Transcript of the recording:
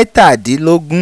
mẹ́tàdínlógún